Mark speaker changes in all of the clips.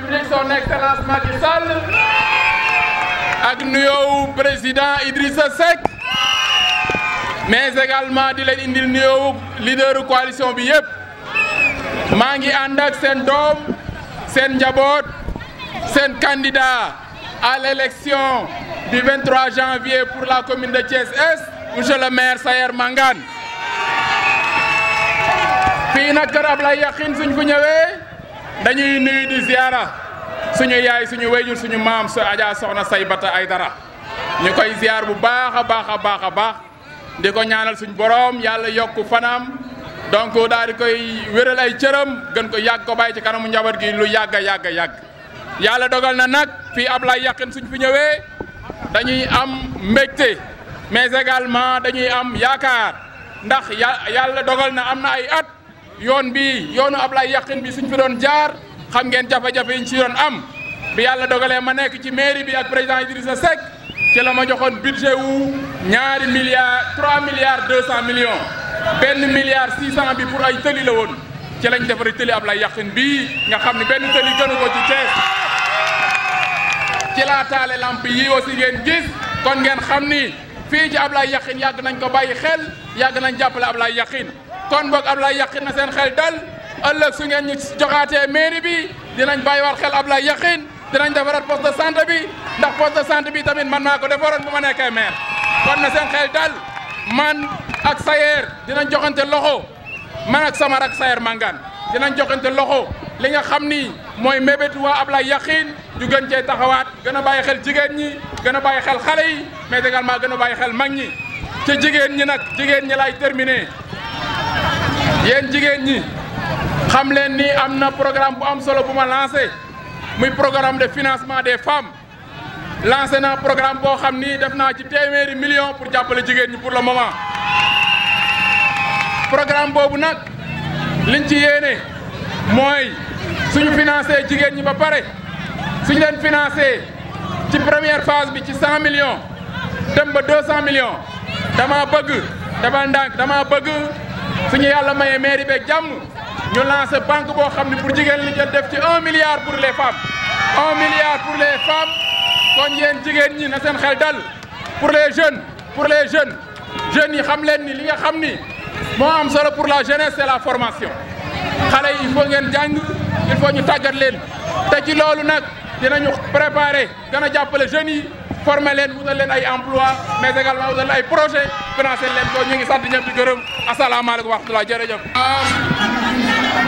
Speaker 1: République ak nuyoowu président Idrissa Seck mais également di leen indil nuyoowu leaderu coalition bi yëpp maa ngi ànd ak seen doom seen njaboot seen candidat à l'élection du 23 janvier pour la commune de Thiès-Est monsieur le maire Sayer Mangane fii nag kër Ablaye Yakhine suñ fu ñëwee. dañuy nuyu di ziara suñu yaay suñu wayjur suñu maam su Adja Soxna say bata ay Aydara ñu koy ziar bu baax a baax a baax a baax di ko ñaanal suñu borom yàlla yokk fanaam donc daal di koy wéral ay cëram gën ko yàgg ko bàyyi ci kanamu njaboot gi lu yàgg a yàgg a yàgg yàlla dogal na nag fii Ablaye Yakhine suñ fi ñëwee dañuy am mbégte mais également dañuy am yaakaar ndax yàlla dogal na am na ay at. yoon bi yoonu Ablaye Yakhine bi suñ fi doon jaar xam ngeen jafe-jafe yi ñu ci doon am bi yàlla dogalee ma nekk ci mairie bi ak président sa Seck ci la ma joxoon budget wu ñaari milliards trois milliards deux cent millions benn milliard six cent bi pour ay tëli la woon ci lañ defaree tëli Ablaye Yakhine bii nga xam ne benn tëli gënu ko ci Thiès ci laa taale lamp yi aussi ngeen gis kon ngeen xam ni fii ci Ablaye Yakhine yàgg nañ ko bàyyi xel yàgg nañ jàppale Ablaye Yakhine kon boog Ablaye Yakhine na seen xel dal ëllëg su ngeen ñu joxaatee mairie bi dinañ bàyyiwaat xel Ablaye Yakhine dinañ defaraat poste de santé bi ndax poste de santé bi tamit man maa ko defaroon bu ma nekkee maire kon na seen xel dal man ak Sayer dinañ joxante loxo man ak Samar ak Sayer Mangane dinañ joxante loxo li nga xam ni mooy mébétu waa Ablaye Yakhine ñu gën cee taxawaat gën a bàyyi xel jigéen ñi gën a bàyyi xel xale yi mais également gën a bàyyi xel mag ñi ci jigéen ñi nag jigéen ñi laay terminer. yéen jigéen ñi xam leen ni am na programme bu am solo bu ma lancé muy programme de financement des femmes lancé naa programme boo xam ni def naa ci téeméeri million pour jàppale jigéen ñi pour le moment programme boobu nag liñ ci yéene mooy suñu financé jigéen ñi ba pare suñu leen financé ci première phase bi ci 100 millions dem ba 200 millions dama bëgg dama dama bëgg ñu yàlla mayee mairie beeg jàmm ñu lancé banque boo xam ne pour jigéen ñi jot def ci un milliard pour les femmes un milliard pour les femmes kon yéen jigéen ñi na seen xel dal pour les jeunes pour les jeunes jeunes yi xam leen ni li nga xam ni moo am solo pour la jeunesse c'est la formation xale yi il ngeen jàng il faut ñu tàggat leen te ci loolu nag dinañu préparer gën a jàppale jeunes yi. former leen wutal leen ay emploi mais également wutal ay projet financer leen ko ñu ngi sant ñëpp di gërëm asalaamaaleykum wa rahmatulah jërëjëf.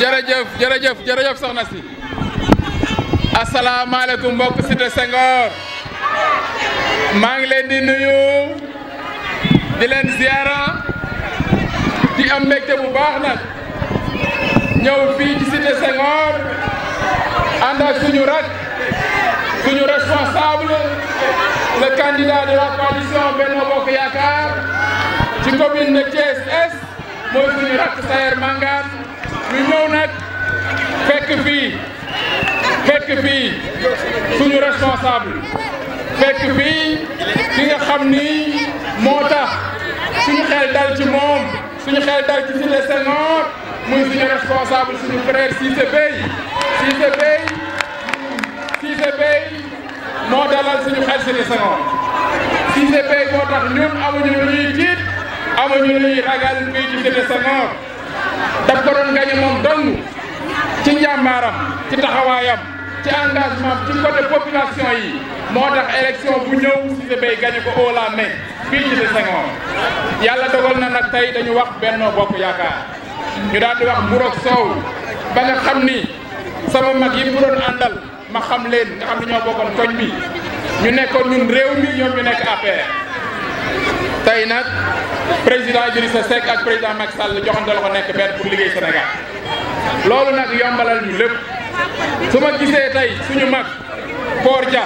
Speaker 1: jërëjëf jërëjëf jërëjëf soxna si asalaamaaleykum mbokk Cité Senghor maa ngi leen di nuyu di leen ziara di am mbégte bu baax nag ñëw fii ci Cité Senghor ànd ak suñu rak. suñu responsable le candidat de la benn Benno Bokk Yaakaar ci commune de Thiès Est mooy suñu rakk Saer Mangane ñu ñëw nag fekk fii fekk fii suñu responsable fekk fii ki nga xam ni moo tax suñu xel dal ci moom suñu xel dal ci Cité Senghor muy suñu responsable suñu frère Cissé Beye Cissé Beye ci Beye moo dalal suñu xel si di Senghor Cissé Beye moo tax ñun amuñu lu ñuy tiit amuñu lu ragal muy Cissé de Senghor daf ko doon gañe moom dong ci njàmbaaram ci taxawaayam ci engagement ci côté population yi moo tax élection bu ñëw Cissé Beye gañe ko haut la main fii ci de yàlla dogal na nag tey dañu wax Benno Bokk Yaakaar ñu daal di wax mburoog soow ba nga xam ni sama mag yi mu doon ma xam leen nga xam ne ñoo bokkoon koñ bi ñu nekkoon ñun réew mi ñoom ñu nekk APR tey nag président Idrissa Seck ak président Macky Sall joxante la ko nekk benn pour liggéey Sénégal loolu nag yombalal ñu lépp su ma gisee tey suñu mag ja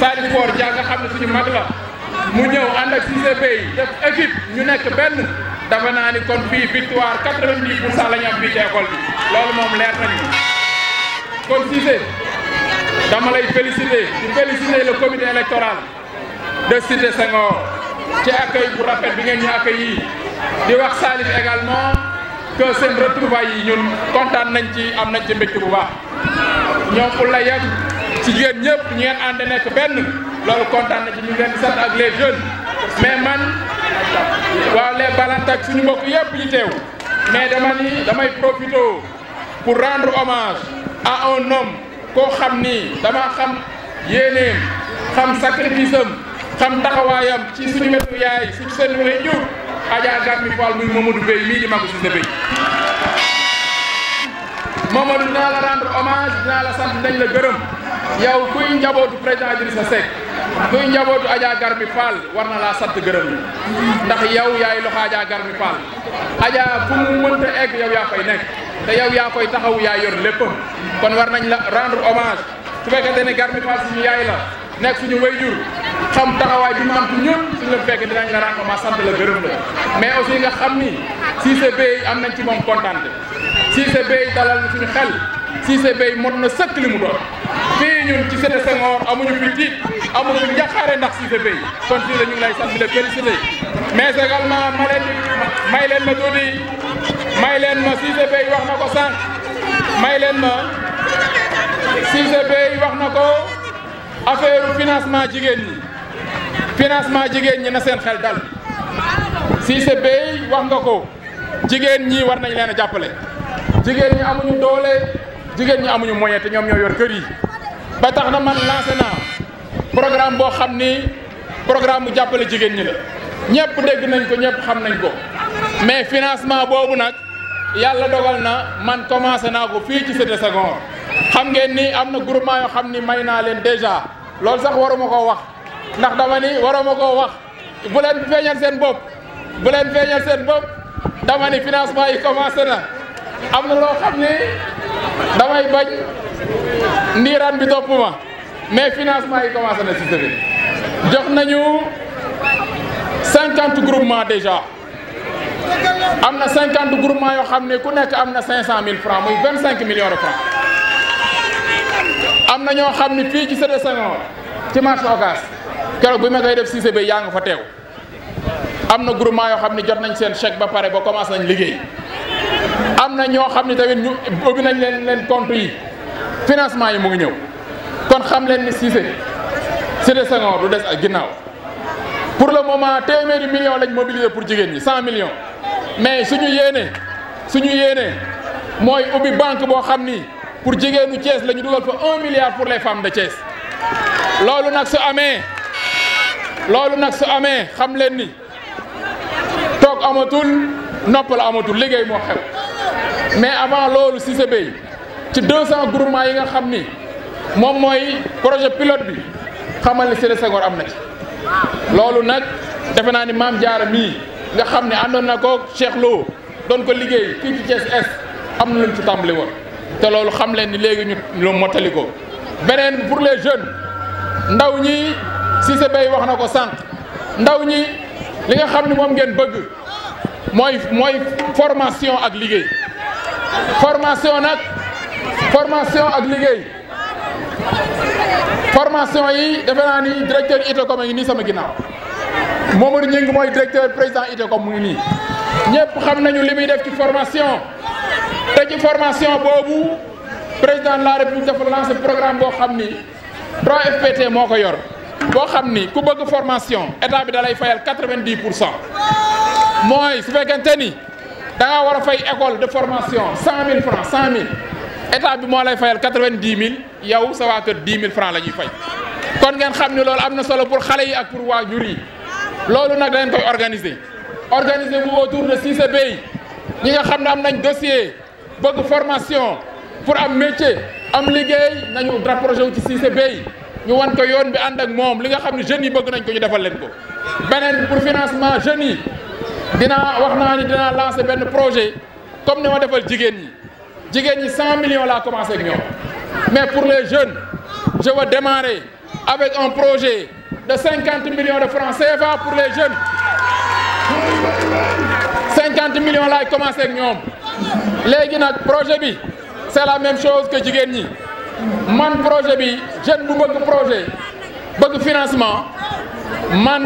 Speaker 1: Dia di Koor ja nga xam ne suñu mag la mu ñëw ànd ak CCP yi def équipe ñu nekk benn dafa naa ni kon fii victoire 90 pour cent la ñu fii ci école bi loolu moom leer nañu kon Cissé dama lay féliciter di féliciter le comité électoral de Cité Senghor ci accueil bu rafet bi ngeen ñu accueilli di wax Salif également que seen retrouvailles yi ñun kontaan nañ ci am nañ ci mbégte bu baax ñoom pour la yem ci yéen ñëpp ñu ngeen ànd nekk benn loolu kontaan na ci ñu ngi leen di sant ak les jeunes mais man waaw les balantak suñu mbokk yëpp ñu teew mais dama ni damay profité pour rendre hommage à un homme. koo xam nii dama xam yéeneem xam sacrifice am xam taxawaayam ci suñu wetu yaay suñu seen wéju Adja Gàmbi Fall muy Mamadou Bey mii di magu si la sant dañ la gërëm yow kuy njabootu président Idrissa Seck kuy njabootu Adja Garmi Fall war na laa sant gërëm ndax yow yaay loxo Adja Garmi Fall Adja fu mënta egg yow yaa fay nekk te yow yaa koy taxaw yaa yor léppam kon war nañ la rendre hommage su fekkente ne Garmi Fall suñu yaay la nekk suñu wayjur xam taxawaay bi mu am ñun suñu la fekk dinañ la rendre hommage sant la gërëm la mais aussi nga xam ni Cissé Beye am nañ ci moom kontaan Cissé Beye dalal suñu xel Cissé Beye mot na sëkk li mu doon fii ñun ci Cité Senghor amuñu fi tiit amuñu fi njaxaare ndax Cissé Beye kon fii ñu ngi lay sant di la félicité mais également ma leen may leen ma Cissé Beye wax na ko sànq may leen ma Cissé Beye wax na ko affaire financement jigéen ñi financement jigéen ñi na seen xel dal Cissé Beye wax nga ko jigéen ñi war nañ leen a jàppale jigéen ñi amuñu doole jigéen ñi amuñu moñet te ñoom ñoo yor kër yi ba tax na man lancé naa programme boo xam ni programme bu jàppale jigéen ñi la ñëpp dégg nañ ko ñëpp xam nañ ko mais financement boobu nag yàlla dogal na man commencé naa ko fii ci Cité Senghor xam ngeen nii am na groupement yoo xam ni may naa leen déjà loolu sax waruma koo wax ndax dama ni waruma koo wax bu leen feeñal seen bopp bu leen feeñal seen bopp dama ni financement yi commencé na am na loo xam ni damay bañ ndiiraan bi topp ma mais financement yi commencé na ci sëriñ jox nañu cinquante groupement déjà am na cinquante groupement yoo xam ne ku nekk am na cinq cent mille francs muy vingt cinq millions de francs am na ñoo xam ne fii ci Cité Senghor ci marché Ocass keroog bi ma koy def Cissé bi yaa nga fa teew am na groupement yoo xam ne jot nañ seen chèque ba pare ba commencé nañ liggéey am na ñoo xam ne tamit ñu ubbi nañ leen leen compte yi financement yi mu ngi ñëw kon xam leen ni Cissé Cité Senghor du des ak ginnaaw. le moment téeméeri millions lañ mobiliser pour jigéen ñi cent millions mais suñu yéene suñu yéene mooy ubbi banque boo xam ni pour jigéenu Thiès la ñu dugal fa pour les femmes de Thiès loolu nag su amee loolu nag su amee xam leen ni toog amatul noppal amatul liggéey moo xew mais avant loolu si sa béy ci 200 groupements yi nga xam ni moom mooy projet pilote bi xamal ni Sédé Senghor am na ci. loolu nag defe naa ni maam Diarra mii nga xam ne àndoon na ko Cheikh Lo doon ko liggéey fii ci Thiès am na lu ñu ci tàmbali woon te loolu xam leen ni léegi ñu lu mottali ko beneen pour les jeunes ndaw ñi Cissé Bey wax na ko sànq ndaw ñi li nga xam ni moom ngeen bëgg mooy mooy formation ak liggéey formation nag formation ak liggéey formation yi defe naa ni directeur ITECOM a ngi nii sama ginaaw ginnaaw Momadou Ngingue mooy directeur président ITECOM mu ngi nii ñëpp xam nañu li muy def ci formation te ci formation boobu président de la république dafa lancé programme boo xam ni 3FPT moo ko yor boo xam ni ku bëgg formation état bi da lay fayal 90 pour cent mooy su fekkente ni da war a fay école de formation 100000 francs 100000. état bi moo lay fayal quatre-vingt-dix mille yow sa waa kër dix mille francs la fay kon ngeen xam ne loolu am na solo pour xale yi ak pour waajur yi loolu nag dañ koy organiser organiser bu autour de CCBI ñi nga xam ne am nañ dossier bëgg formation pour am métier am liggéey nañu rapproché wu ci CCBI ñu wan ko yoon bi ànd ak moom li nga xam ne jeunes yi bëgg nañ ko ñu defal leen ko beneen pour financement jeunes dina dinaa wax naa ni dinaa lancer benn projet comme ni ma defal jigéen ñi. jigéen ñi 100 millions laa commencé ak ñoom mais pour les jeunes je veux démarrer avec un projet de 50 millions de francs CFA pour les jeunes 50 millions laay commencé ak ñoom léegi nag projet bi c'est la même chose que jigéen ñi man projet bi jeune bu bëgg projet bëgg financement man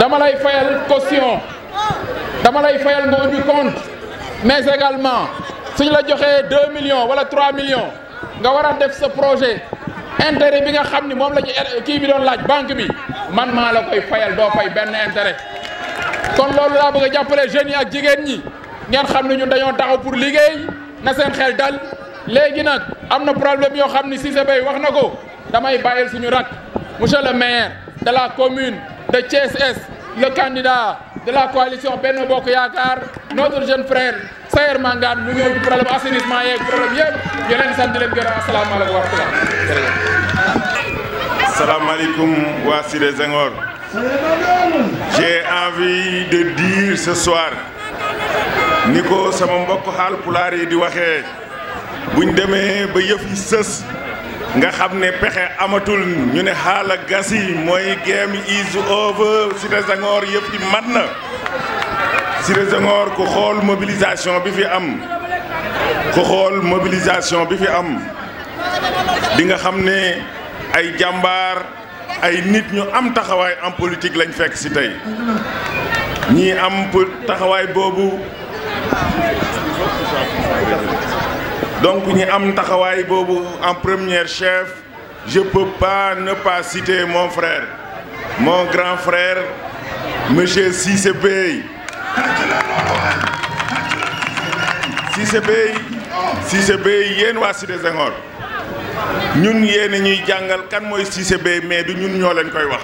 Speaker 1: dama lay fayal caution dama lay fayal nga mais également suñu la joxee 2 millions wala 3 millions nga war a def sa projet intérêt bi nga xam ni moom la ñu kii bi doon laaj banque bi man maa la koy fayal doo fay benn intérêt kon loolu laa bëgg a jàppale jeunes yi ak jigéen ñi ngeen xam ne ñun dañoo taxaw pour liggéey na seen xel dal léegi nag am na problème yoo xam ni Cissé Beye wax na ko damay bàyyil suñu rak monsieur le maire de la commune de Thiès Est le candidat de la coalition Benno Bokk Yaakaar notre jeune frère Sayer Mangane mu ñëw ci problème assainissement yeeg problème yëpp ñu leen sant leen gërëm asalaamaaleykum wa
Speaker 2: rahmatulah. asalaamaaleykum waa envie de dire ce soir ni ko sama mbokk Haalpulaar yi di waxee buñ demee ba yëf yi sës. nga xam ne pexe amatul ñu ne xaala gasi mooy game is over Cité Senghor yëpp ci mat na Cité Senghor ku xool mobilisation bi fi am ku xool mobilisation bi fi am di nga xam ne ay jàmbaar ay nit ñu am taxawaay en politique lañ fekk ci tey ñii am taxawaay boobu donc ñi am taxawaay boobu en première chef je peux pas ne pas citer mon frère mon grand frère monsieur Cissé Bey Cissé Bey Cissé Bey yéen waa Cité Senghor ñun yéen ñuy jàngal kan mooy Cissé Bey mais du ñun ñoo leen koy wax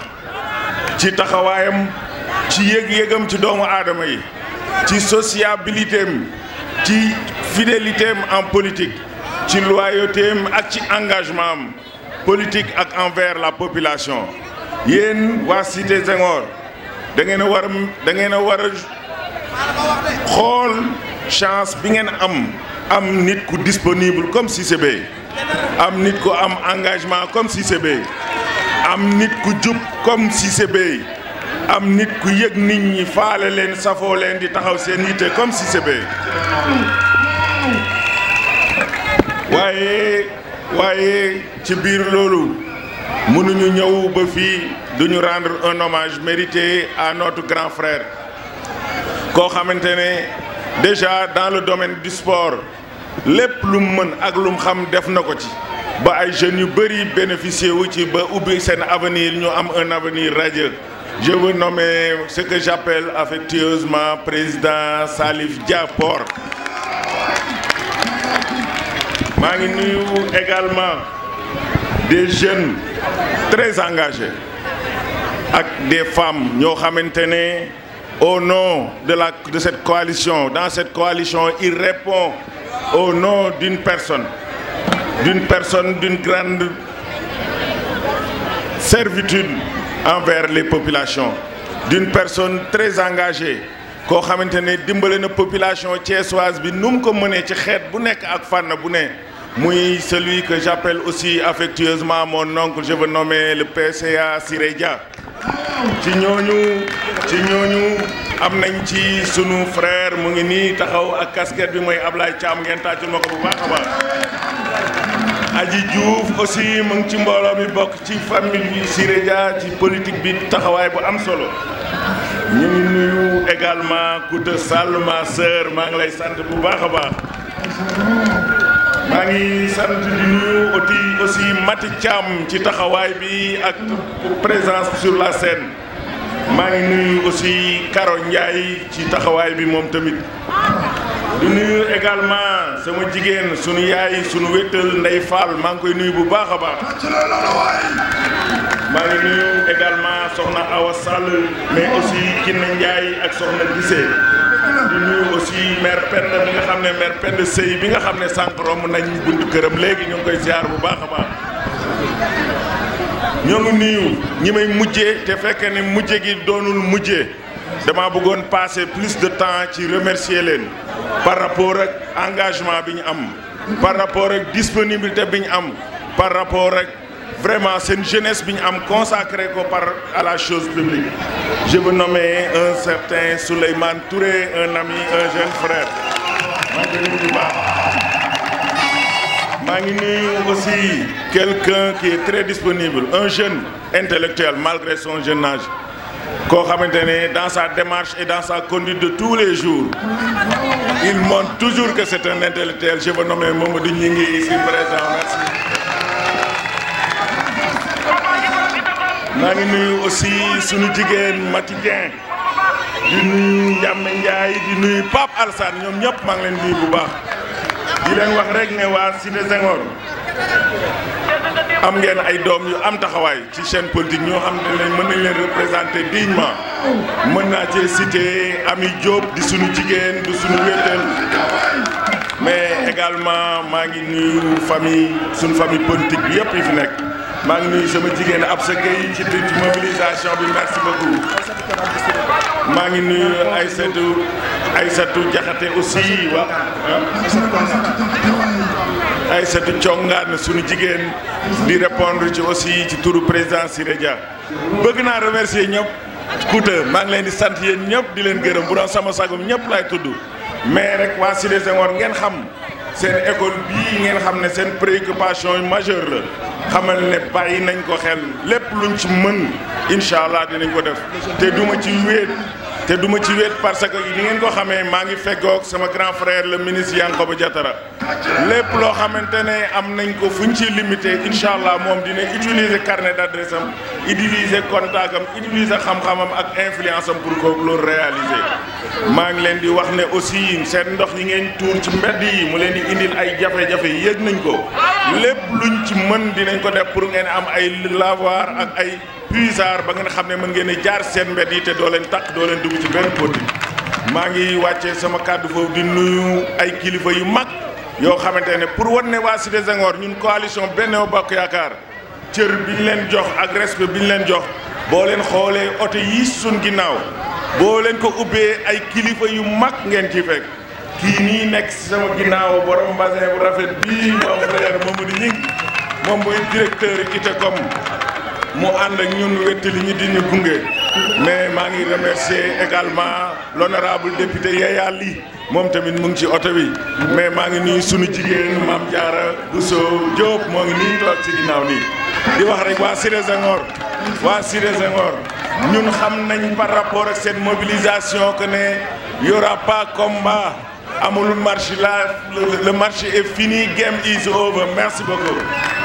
Speaker 2: ci taxawaayam ci yëg-yëgam ci doomu aadama yi ci sociabilité am ci fidélité am en politique ci loyauté ak ci engagement am politique ak envers la population yéen waa Cité Senghor da war da a war xool chance bi ngeen am am nit ku disponible comme Cissé Bèye am nit ku am engagement comme Cissé Bèye am nit ku jub comme Cissé Bèye am nit ku yëg nit ñi faale leen safoo leen di taxaw seen yitte comme Cissé Bèye waaye waaye ci biir loolu mënuñu ñëw ba fii duñu rendre un hommage mérité à notre grand frère koo xamante ne déjà dans le domaine du sport lépp lum mën ak lum xam def na ko ci ba ay jeunes yu bëri bénéficier wu ci ba ubbi seen avenir ñu am un avenir radieux je veux nommer ce que j'appelle affectueusement président Salif Diapor maa ngi nuyu également des jeunes très engagés ak des femmes ñoo xamante ne au nom de la de cette coalition dans cette coalition il répond au nom d'une personne d'une personne d'une grande servitude envers les populations d'une personne très engagée koo xamante ne dimbale na population thiessoise bi nu mu ko mënee ci xeet bu nekk ak fànn bu ne muy celui que j'appelle aussi affectueusement moo oncle je veux nommer le PCA Siré Dia ci ñooñu ci am nañ ci sunu frère mu ngi nii taxaw ak casquette bi mooy Ablaye Thiam ngeen tàccul ma ko bu baax a baax Aji Diouf aussi mu ngi ci mbooloo mi bokk ci famille bi Siré Dia ci politique bi taxawaay bu am solo ñu nuyu également Kouta Sall ma sœur maa ngi lay sant bu baax a baax maa ngi sant di nuyu oti aussi Mati cam ci taxawaay bi ak présence sur la scène maa ngi nuyu aussi Karo Ndiaye ci taxawaay bi moom tamit di nuyu également sama jigéen sunu yaay sunu wéttal Ndey Fall maa ngi koy nuyu bu baax a baax maa ngi nuyu également soxna Awa Sall mais aussi Kiné Ndiaye ak soxna Gisee di nuyu maire Penda bi nga xam ne maire bi nga xam ne sànq romb nañ buntu këram léegi ñu ngi koy ziar bu baax a baax ñi may mujjee te fekkee ne mujje gi doonul mujjee dama bëggoon passer plus de temps ci remercier leen par rapport ak engagement bi ñu am par rapport ak disponibilité bi ñu am par rapport ak vraiment seen jeunesse bi ñu am consacré ko par à la chose publique je veux nommer un certain Souleymane Touré un ami un jeune frère maa ngi maa ngi nuyu aussi quelqu'un qui est très disponible un jeune intellectuel malgré son jeune âge koo xamante ne dans sa démarche et dans sa conduite de tous les jours il montre toujours que c'est un intellectuel je veux nommer Mamadou Gningue ici présent merci maa ngi nuyu aussi suñu jigéen Mati Dieng di nuyu Ndiame Ndiaye di nuyu Pape Alsane ñoom ñëpp maa ngi leen nuyu bu baax di leen wax rek ne waa Cité Senghor am ngeen ay doom yu am taxawaay ci chaîne politique ñoo xam ne leen mën nañ leen représenter dignement mën naa ci cité Ami Diop di suñu jigéen du suñu wéetal mais également maa ngi nuyu famille suñu famille politique bi yëpp yi fi nekk maa ngi nuyu sama jigéen ab sa yi ci ci mobilisation bi merci beaucoup maa ngi nuyu Aïssatou Aïssatou Diakhaté aussi wa ah. Aïssatou Thiongaan suñu jigéen di répondre ci aussi ci turu président Siré Dia bëgg naa remercier ñëpp Kouta maa ngi leen di sant yéen ñëpp di leen gërëm bu doon sama sagum ñëpp laay tudd mais rek waa Cité Senghor ngeen xam seen école bii ngeen xam ne seen préoccupation majeure la xamal ne bàyyi nañ ko xel lépp lu ñu ci mën incha allah dinañ ko def te duma ci wéet te duma ci wéet parce que yi ngeen koo xamee maa ngi feggoog sama grand frère le ministre Yankhoba Diattara lépp loo xamante ne am nañ ko fu ñu ci limité incha allah moom dina utiliser carnet d' adresse am utiliser contact am utiliser xam-xamam ak influence am pour ko loolu réaliser. maa ngi leen di wax ne aussi seen ndox yi ngeen tuur ci mbedd yi mu leen di indil ay jafe-jafe yëg nañ ko lépp luñ ci mën dinañ ko def pour ngeen am ay lavoir ak ay puisard ba ngeen xam ne mën ngeen di jaar seen mbedd yi te doo leen takk doo leen dugg ci benn côté maa ngi wàccee sama kàddu foofu di nuyu ay yu mag. yoo xamante ne pour wan ne waa Cité Senghor ñun coalition benn Bokk Yaakaar cër bi ñu leen jox ak respect bi ñu leen jox boo leen xoolee oto yi suñ ginnaaw boo leen ko ubbee ay kilifa yu mag ngeen ci fekk kii nii nekk si sama ginnaaw borom basin bu rafet bii moom frère Mamadou Ñing moom mooy directeur Itecom mu ànd ak ñun wetti ñu di ñu gunge mais maa ngi remercier également l'honorable député Yaya Ly moom tamit mu ngi ci oto bi mais maa ngi nuyu sunu jigéen Mame Diarra Bousso Diop moo ngi nii toog ci ginnaaw nii di wax rek waa Siré Senghor waa Siré Senghor ñun xam nañ par rapport ak seen mobilisation que ne y aura pas combat amul marché là le marché e fini game is over merci beaucoup